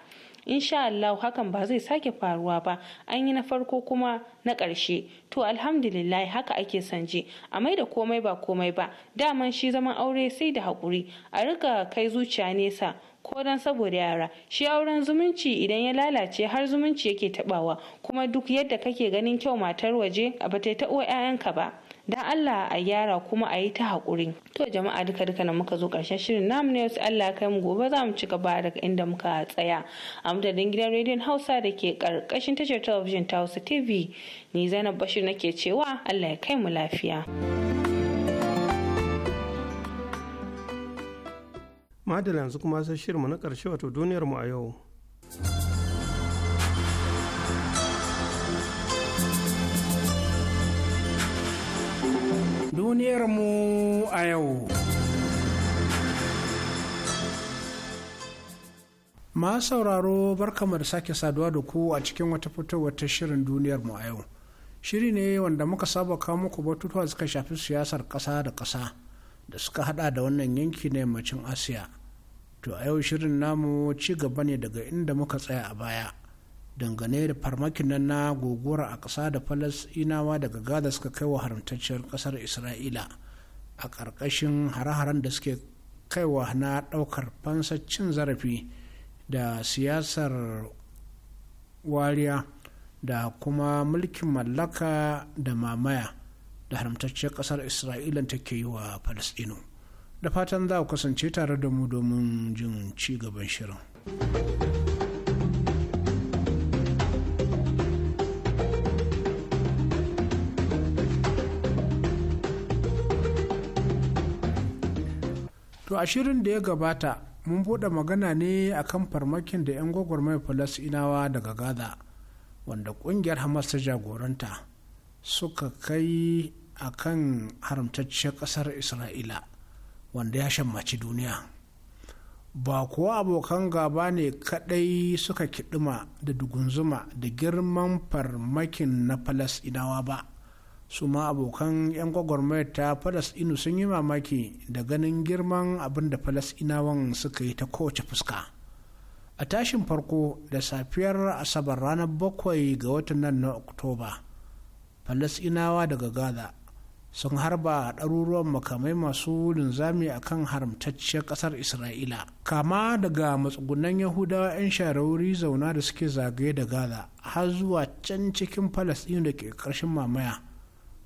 insha Allah hakan ba zai sake faruwa ba an yi na farko kuma na ƙarshe to alhamdulillah haka ake son je a mai da komai ba komai ba daman shi zaman aure sai da haƙuri a rika kai zuciya nesa ko don saboda yara shi auren zumunci idan ya lalace har zumunci yake tabawa kuma duk yadda kake ganin kyau matar waje a ta uwa 'ya'yanka ba dan Allah a gyara kuma a yi ta hakuri, to jama'a duka duka na muka zo ƙarshen shirin namu ne wasu Allah kai mu gobe za mu ci gaba daga inda muka tsaya a madadin gidan rediyon Hausa da ke ƙarƙashin tashar talabijin ta Hausa TV ni Zainab Bashir nake cewa Allah ya kai mu lafiya. Madalla yanzu kuma sai shirinmu na ƙarshe wato duniyarmu a yau. duniyarmu a yau. Ma sauraro barkamu da sake saduwa da ku a cikin wata fitowar ta shirin duniyarmu a yau. Shiri ne wanda muka saba kawo muku batutuwa suka shafi siyasar ƙasa da ƙasa da suka hada da wannan yanki na yammacin Asiya. To a yau shirin namu ci gaba ne daga inda muka tsaya a baya. dangane da farmakin nan na gogora a ƙasa da falasinawa daga gaza suka kai wa haramtacciyar ƙasar isra'ila a ƙarƙashin hare-haren da suke kaiwa na ɗaukar fansa cin zarafi da siyasar wariya da kuma mulkin mallaka da mamaya da haramtacciyar ƙasar isra'ila ta ke yi wa falasɗinu da fatan za ku kasance tare da mu domin jin ci gaban shirin. to a shirin da ya gabata mun bude magana ne akan farmakin da 'yan gwagwarmai falasinawa daga gaza wanda kungiyar hamas ta jagoranta suka kai a kan haramtacciyar kasar isra'ila wanda ya shammaci duniya ba kuwa abokan gaba ne kadai suka kiɗima da dugunzuma da girman farmakin na falasɗinawa ba su ma abokan 'yan gwagwarmayar ta falasɗinu sun yi mamaki da ganin girman abin da falasɗinawan suka yi ta kowace fuska a tashin farko da safiyar asabar ranar bakwai ga watan nan na oktoba falasɗinawa daga gaza sun harba ɗaruruwan makamai masu linzami a kan haramtacciyar ƙasar isra'ila kama daga matsugunan yahudawa 'yan sharauri zauna da suke zagaye da gaza har zuwa can cikin falasɗinu da ke ƙarshen mamaya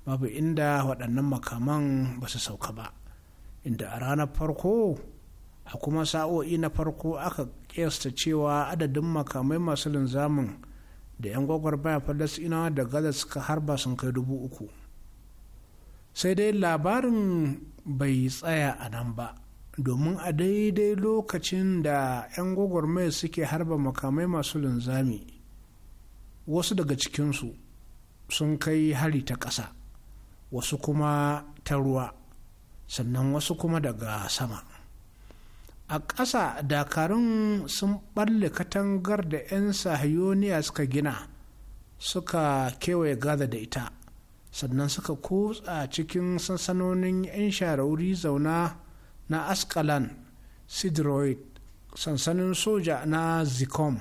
babu inda waɗannan makaman ba su sauka ba inda a ranar farko a kuma sa'o'i na farko aka kiyasta cewa adadin makamai masu linzamin da 'yan gwagwar fallas ina da gaza suka harba sun kai dubu uku sai dai labarin bai tsaya a nan ba domin a daidai lokacin da 'yan gwagwar mai suke harba makamai masu linzami wasu daga cikinsu sun kai hari ta ƙasa wasu kuma ta ruwa sannan wasu kuma daga sama a ƙasa dakarun sun ɓalle katangar da 'yan sahiyoniya suka gina suka kewaye gaza da ita sannan suka kutsa cikin sansanonin 'yan sharauri zauna na askalan sidroid sansanin soja na zikom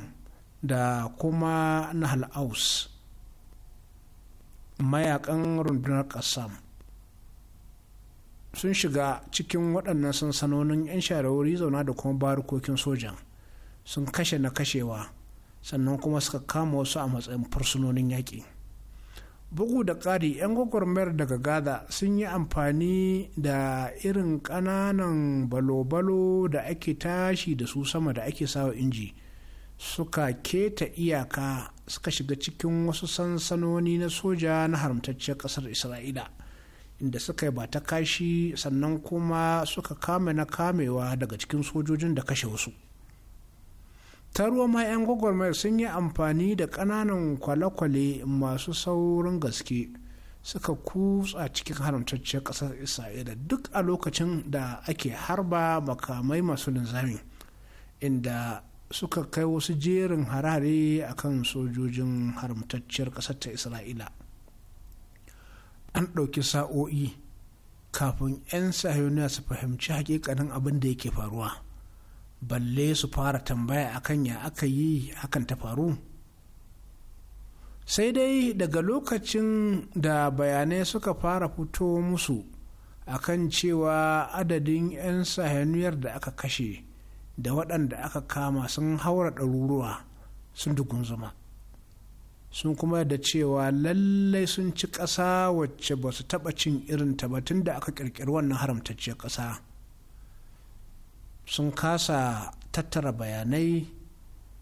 da kuma na halaus mayakan rundunar ƙasam sun shiga cikin waɗannan sansanonin 'yan shawarwari zauna da kuma barukokin sojan sun kashe na kashewa sannan kuma suka kama wasu a matsayin fursunonin yaƙi bugu da ƙari 'yan gwagwarmayar daga gaza sun yi amfani da irin ƙananan balo-balo da ake tashi da su sama da ake sawa inji suka keta iyaka suka shiga cikin wasu sansanoni na soja na haramtacciyar kasar isra'ila inda suka yi ba kashi sannan kuma suka kame na kamewa daga cikin sojojin da kashe wasu ta ruwa ma 'yan gwagwarmayar sun yi amfani da kananan kwale-kwale masu saurin gaske suka kutsa cikin haramtacciyar kasar isra'ila duk a lokacin da ake harba makamai masu linzami inda suka kai wasu jerin harare a kan sojojin haramtacciyar ƙasar ta isra'ila an ɗauki sa'o'i kafin 'yan sahiyoniya su fahimci hakikanin abin da yake faruwa balle su fara tambaya akan ya aka yi hakan ta faru sai dai daga lokacin da bayanai suka fara fito musu akan cewa adadin 'yan sahaniyar da aka kashe da waɗanda aka kama sun haura ɗaruruwa sun dugunzuma sun kuma da cewa lallai sun ci ƙasa wacce ba su taɓa cin irin tabatun da aka ƙirƙiri wannan haramtacce ƙasa sun kasa tattara bayanai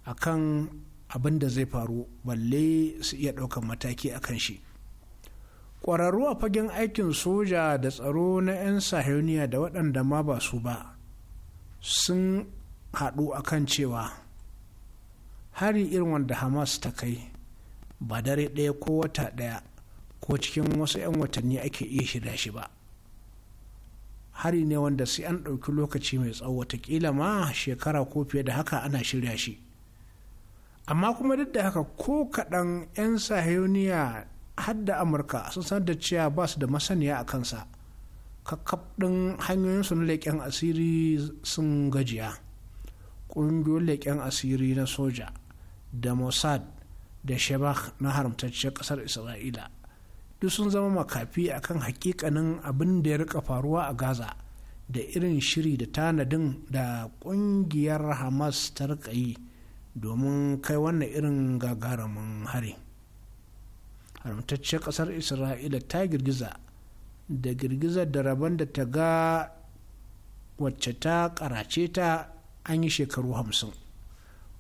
akan abin da zai faru balle su iya ɗaukar mataki a kan shi ƙwararru a fagen aikin soja da tsaro na 'yan sahiyoniya da waɗanda ma ba su ba sun haɗu a kan cewa hari irin wanda hamas ta kai ba dare ɗaya ko wata ɗaya ko cikin wasu 'yan watanni ake iya shirya shi ba hari ne wanda sai an ɗauki lokaci mai tsawo watakila ma shekara ko fiye da haka ana shirya shi amma kuma duk da haka ko kaɗan 'yan sahiyoniya har da amurka sun sanar da cewa ba su da masaniya a kansa kakkaf ɗin hanyoyinsu na leƙen asiri sun gajiya kungiyoyin leƙen asiri na soja da mossad da shebah na haramtacciyar ƙasar isra'ila duk sun zama makafi akan hakikanin abin da ya rika faruwa a gaza da irin shiri da tanadin da ƙungiyar hamas ta rika yi domin kai wannan irin gagarumin hari haramtacciyar ƙasar isra'ila ta girgiza da girgizar da rabon da ta ga wacce ta karace ta an yi shekaru hamsin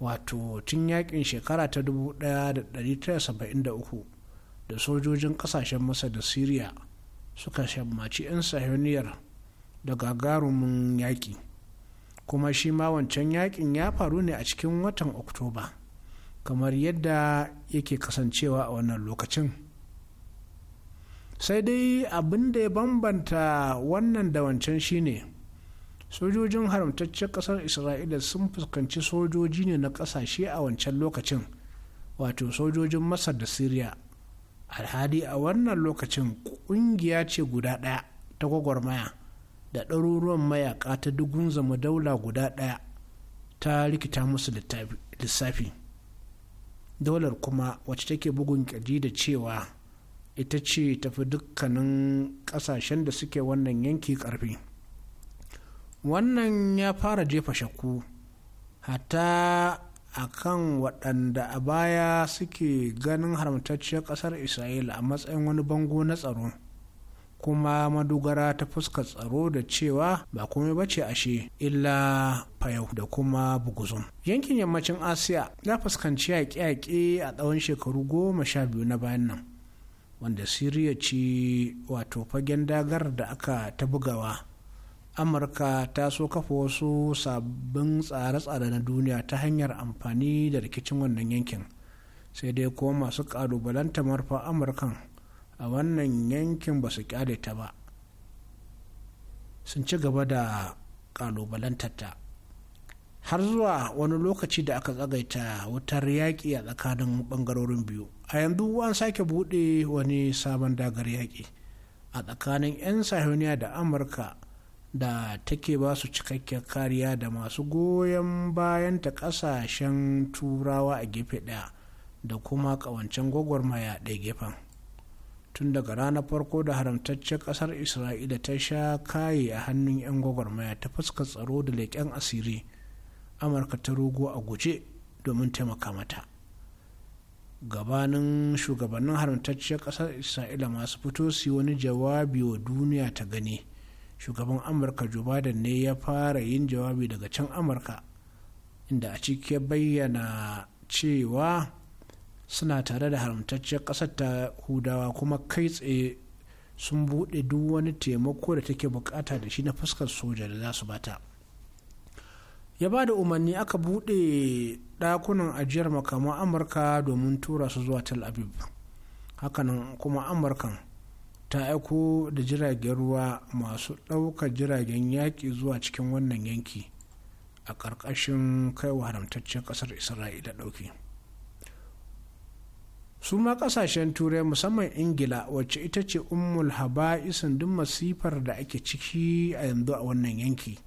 wato tun yakin shekara ta 1973 da sojojin kasashen masar da syria suka shammaci 'yan sahiyoniyar da gagarumin yaƙi kuma shi ma wancan yakin ya faru ne a cikin watan oktoba kamar yadda yake kasancewa a wannan lokacin sai dai abin da ya bambanta wannan da wancan shine sojojin haramtaccen kasar isra'ila sun fuskanci sojoji ne na kasashe a wancan lokacin wato sojojin masar da syria alhali a wannan lokacin kungiya ce guda daya ta gwagwarmaya da ɗaruruwan mayaka ta dugun zama daula guda daya ta rikita musu lissafi daular kuma wacce take bugun kirji da cewa ita ce tafi dukkanin ƙasashen da suke wannan yanki ƙarfi. wannan ya fara jefa shakku hatta a kan waɗanda a baya suke ganin haramtacciyar ƙasar isra'ila a matsayin wani bango na tsaro kuma madogara ta fuska tsaro da cewa ba komai ba ce ashe illa fayau da kuma buguzun yankin yammacin asiya ya fuskanci yaƙe-yaƙe a tsawon shekaru goma sha biyu na bayan nan wanda siriya ce wato fagen dagar da aka ta bugawa amurka ta so kafa wasu sabbin tsare-tsare na duniya ta hanyar amfani da rikicin wannan yankin sai dai kuma masu kalubalanta marfa amurkan a wannan yankin ba su kyale ta ba sun ci gaba da ta har zuwa wani lokaci da aka tsagaita wutar yaƙi a tsakanin ɓangarorin biyu a yanzu an sake buɗe wani sabon dagar yaƙi a tsakanin 'yan sahiyoniya da amurka da take ba su cikakken kariya da masu goyon bayan ta kasashen turawa a gefe ɗaya da kuma ƙawancen gwagwarmaya ɗaya gefen tun daga ranar farko da haramtaccen ƙasar isra'ila ta sha kaye a hannun 'yan gwagwarmaya ta fuska tsaro da leƙen asiri amurka ta rogo a guje domin taimaka mata gabanin shugabannin haramtacciyar ƙasar isra'ila masu fito su wani jawabi wa duniya ta gani shugaban amurka joe biden ne ya fara yin jawabi daga can amurka inda a ciki ya bayyana cewa suna tare da haramtacciyar ƙasar ta hudawa kuma kai tsaye sun buɗe duk wani taimako da take bukata da shi na fuskar soja da za su bata ya ba da umarni aka buɗe ɗakunan ajiyar makaman amurka domin tura su zuwa tel aviv hakanan kuma amurkan ta aiko da jiragen ruwa masu ɗaukar jiragen yaƙi zuwa cikin wannan yanki a ƙarƙashin kaiwa haramtaccen ƙasar isra'ila ɗauki su ma ƙasashen turai musamman ingila wacce ita ce ummul haba'isin duk masifar da ake ciki a yanzu a wannan yanki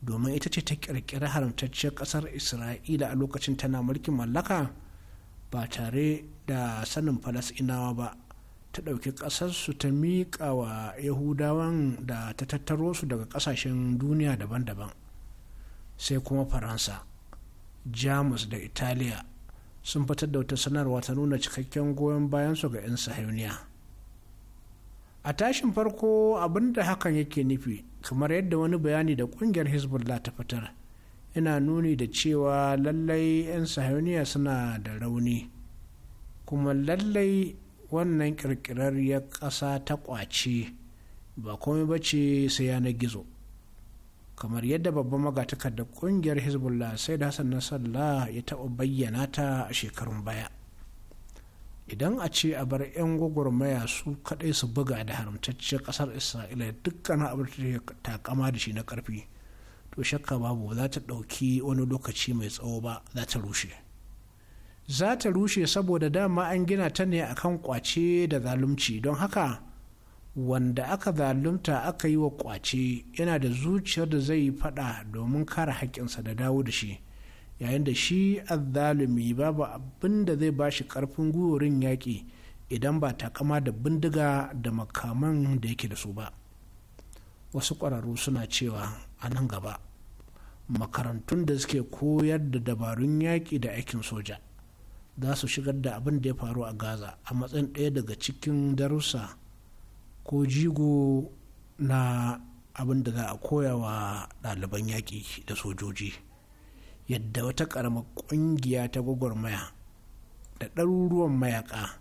domin ita ce ta ƙirƙiri haramtaccen ƙasar isra'ila a lokacin tana mulkin mallaka ba tare da sanin falasɗinawa ba ta ɗauki ƙasarsu ta miƙa wa yahudawan da ta tattaro su daga ƙasashen duniya daban-daban sai kuma faransa jamus da italiya sun fitar da wata sanarwa ta nuna cikakken goyon bayansu ga 'yan sahauniya. a tashin farko abinda hakan yake nufi kamar yadda wani bayani da kungiyar hezbollah ta fitar yana nuni da cewa lallai 'yan sahiyoniya suna da rauni kuma lallai wannan ya ƙasa ta ƙwace ba komai ba ce sai yanar gizo kamar yadda babban magatakar da ƙungiyar hezbollah sai da hassan nasarallah ya taɓa bayyana ta a shekarun baya idan a ce a bar 'yan gwagwarmaya su kaɗai su buga da haramtacciyar ƙasar isra'ila dukkan abin da takama da shi na ƙarfi to shakka babu za ta ɗauki wani lokaci mai tsawo ba za ta rushe za ta rushe saboda dama an gina ta ne akan kwace da zalunci don haka wanda aka zalunta aka yi wa kwace yana da zuciyar da zai yi fada domin kare haƙƙinsa da dawo da shi yayin da shi azzalumi babu abin da zai bashi ƙarfin gwiwarin yaƙi idan ba takama da bindiga da makaman da yake da su ba wasu ƙwararru suna cewa a nan gaba makarantun da suke koyar da dabarun yaƙi da aikin soja za su shigar da abin da ya faru a gaza a matsayin ɗaya daga cikin darussa ko jigo na abin da za a koya wa ɗaliban yaƙi da sojoji yadda wata ƙaramar ƙungiya ta gwagwarmaya da ɗaruruwan mayaƙa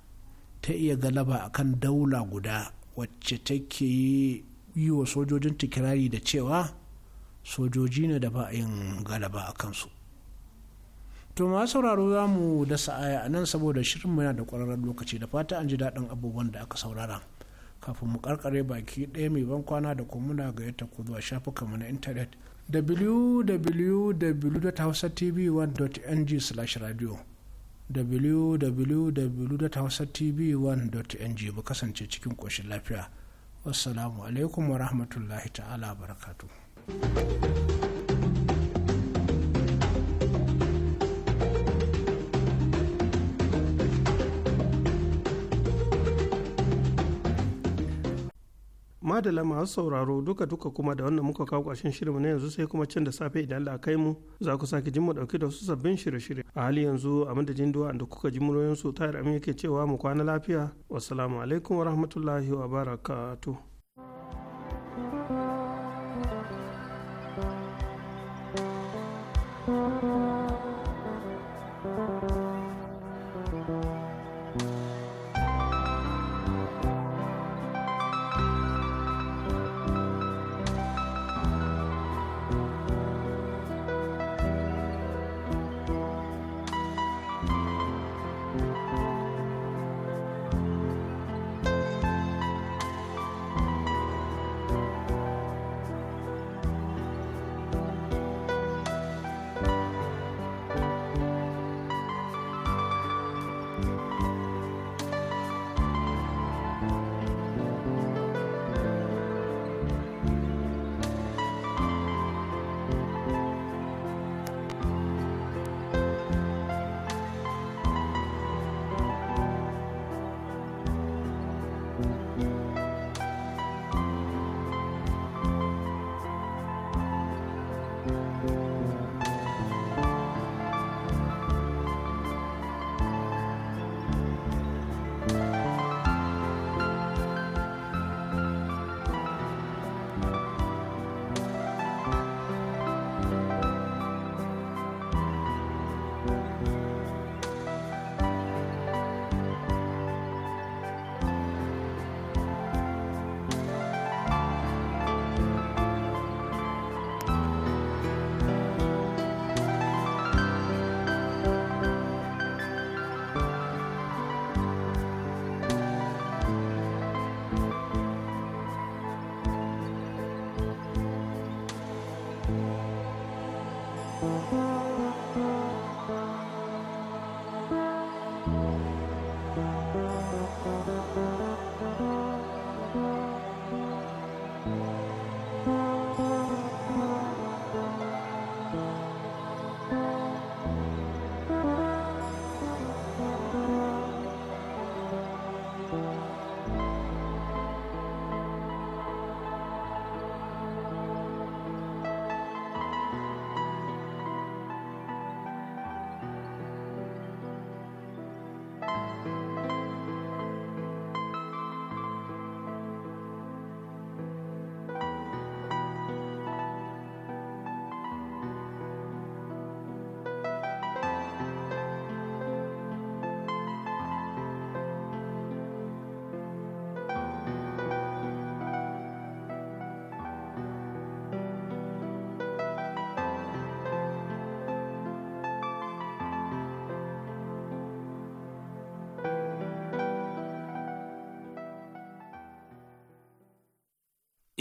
ta iya galaba a kan daula guda wacce take yi wa sojojin tikirari da cewa sojoji ne da ba a yin galaba a kansu to ma sauraro za mu da sa'aya a nan saboda shirin yana da ƙwararren lokaci da fata an ji daɗin abubuwan da aka saurara kafin mu karkare baki ɗaya mai ban kwana da kuma muna gayyata ku zuwa mu na intanet www.hausatv1.ng/radio www.hausatv1.ng ba kasance cikin ƙoshin lafiya wassalamu alaikum wa rahmatullahi ta'ala barakatu. madala masu sauraro duka duka kuma da wannan muka kawo ƙarshen shirinmu na yanzu sai kuma can da safe idan Allah kai mu za ku sake jin mu dauke da wasu sabbin shirye-shirye a hali yanzu a madadin duwa inda kuka ji muryoyin su tayar amin yake cewa mu kwana lafiya wassalamu alaikum wa rahmatullahi wa barakatuh